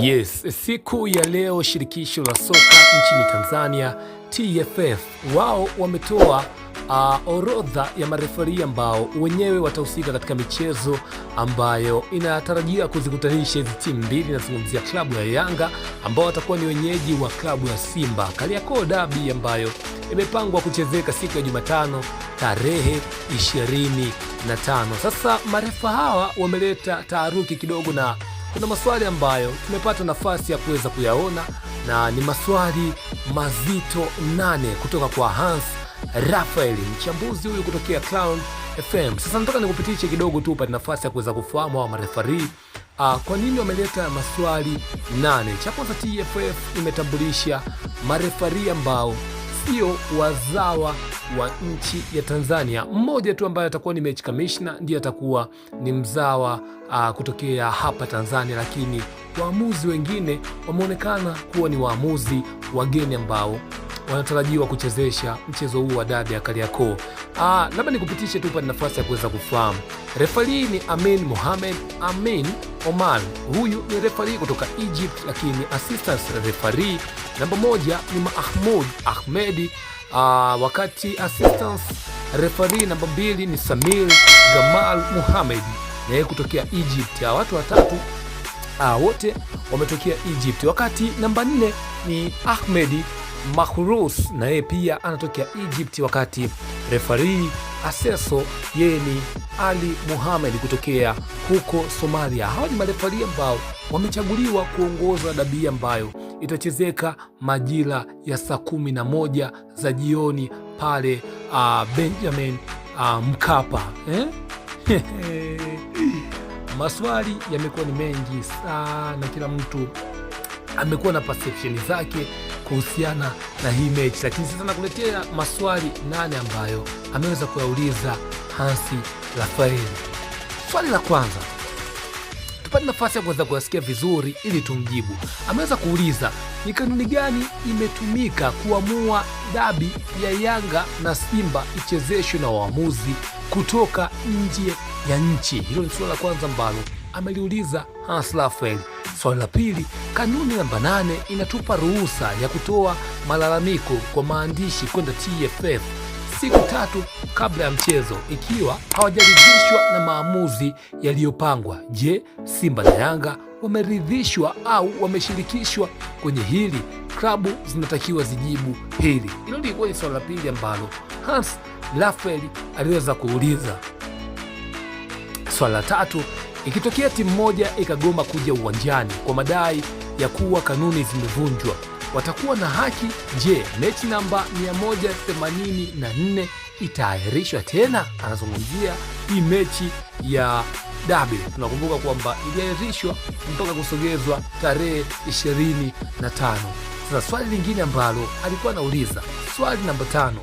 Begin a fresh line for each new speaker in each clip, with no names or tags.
Yes, siku ya leo shirikisho la soka nchini Tanzania TFF wao wametoa uh, orodha ya marefari ambao wenyewe watahusika katika michezo ambayo inatarajia kuzikutanisha hizi timu mbili. Nazungumzia klabu ya Yanga ambao watakuwa ni wenyeji wa klabu ya Simba Kariakoo dabi ambayo imepangwa kuchezeka siku ya Jumatano tarehe 25. Sasa marefa hawa wameleta taharuki kidogo na kuna maswali ambayo tumepata nafasi ya kuweza kuyaona na ni maswali mazito nane kutoka kwa Hans Rafael, mchambuzi huyu kutokea Clown FM. Sasa nataka nikupitishe kidogo tu upate nafasi ya kuweza kufahamu hawa marefari uh, ah, kwa nini wameleta maswali nane. Cha kwanza, TFF imetambulisha marefari ambao sio wazawa wa nchi ya Tanzania. Mmoja tu ambaye atakuwa ni mechi kamishna ndiye atakuwa ni mzawa uh, kutokea hapa Tanzania, lakini waamuzi wengine wameonekana kuwa ni waamuzi wageni ambao wanatarajiwa kuchezesha mchezo huu wa dabi ya Kariakoo. Ah, labda nikupitishe tu pale nafasi ya kuweza kufahamu. Refari ni Amin Mohamed Amin Oman. Huyu ni refari kutoka Egypt, lakini assistant refari namba moja ni Mahmoud Ahmedi Uh, wakati assistant referee namba mbili ni Samir Gamal Muhamed naye kutokea Egypt. Uh, watu watatu uh, wote wametokea Egypt. Wakati namba nne ni Ahmed Mahrous na yeye pia anatokea Egypt, wakati refarii aseso yeye ni Ali Muhammad kutokea huko Somalia. Hawa ni marefarii ambao wamechaguliwa kuongoza dabia ambayo itachezeka majira ya saa kumi na moja za jioni pale uh, Benjamin uh, Mkapa eh? Maswali yamekuwa ni mengi sana, kila mtu amekuwa na perception zake kuhusiana na hii mechi, lakini sasa nakuletea maswali nane ambayo ameweza kuyauliza Hansi Rafaeli. Swali la kwanza tupate nafasi ya kuweza kuwasikia vizuri ili tumjibu. Ameweza kuuliza ni kanuni gani imetumika kuamua dabi ya Yanga na Simba ichezeshwe na waamuzi kutoka nje ya nchi? Hilo ni suala la kwanza ambalo ameliuliza Hans Raphael. Swali la pili, kanuni namba nane inatupa ruhusa ya kutoa malalamiko kwa maandishi kwenda TFF siku tatu kabla ya mchezo ikiwa hawajaridhishwa na maamuzi yaliyopangwa. Je, Simba na Yanga wameridhishwa au wameshirikishwa kwenye hili? Klabu zinatakiwa zijibu hili. Hilo lilikuwa ni swala la pili ambalo Hans Raphael aliweza kuuliza. Swala la tatu, ikitokea timu moja ikagoma kuja uwanjani kwa madai ya kuwa kanuni zimevunjwa watakuwa na haki. Je, mechi namba 184 itaahirishwa tena? Anazungumzia hii mechi ya dabi. Tunakumbuka kwamba iliahirishwa mpaka kusogezwa tarehe 25. Sasa swali lingine ambalo alikuwa anauliza, swali namba tano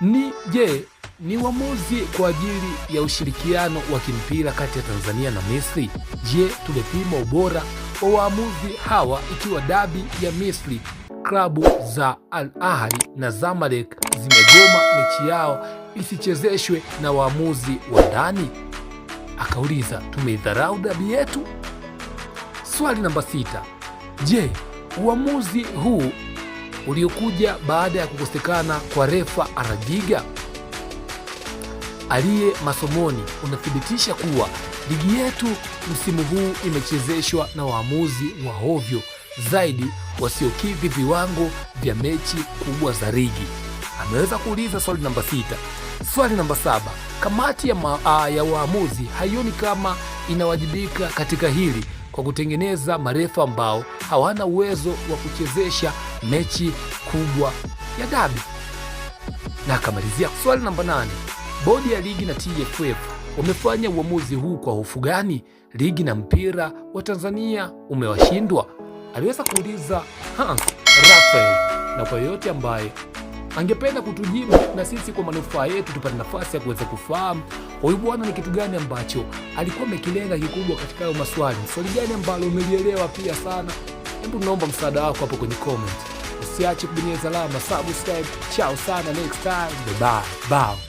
ni je, ni uamuzi kwa ajili ya ushirikiano wa kimpira kati ya Tanzania na Misri? Je, tumepima ubora wa waamuzi hawa ikiwa dabi ya Misri klabu za Al Ahli na Zamalek zimegoma mechi yao isichezeshwe na waamuzi wa ndani. Akauliza, tumeidharau dabi yetu? Swali namba sita. Je, uamuzi huu uliokuja baada ya kukosekana kwa refa Arajiga aliye masomoni unathibitisha kuwa ligi yetu msimu huu imechezeshwa na waamuzi wa ovyo zaidi wasiokidhi viwango vya mechi kubwa za ligi. Ameweza kuuliza swali namba sita. Swali namba saba, kamati ya, ma, ya waamuzi haioni kama inawajibika katika hili kwa kutengeneza marefa ambao hawana uwezo wa kuchezesha mechi kubwa ya dabi? Na akamalizia swali namba nane Bodi ya ligi na TFF wamefanya uamuzi huu kwa hofu gani? Ligi na mpira wa Tanzania umewashindwa? Aliweza kuuliza Hans Rafael, na kwa yoyote ambaye angependa kutujibu na sisi kwa manufaa yetu tupate nafasi ya kuweza kufahamu huyu bwana ni kitu gani ambacho alikuwa amekilenga kikubwa katika hayo maswali. Swali gani ambalo umelielewa pia sana? Hebu naomba msaada wako hapo kwenye comment. Usiache kubonyeza alama subscribe. Chao sana, next time, bye bye.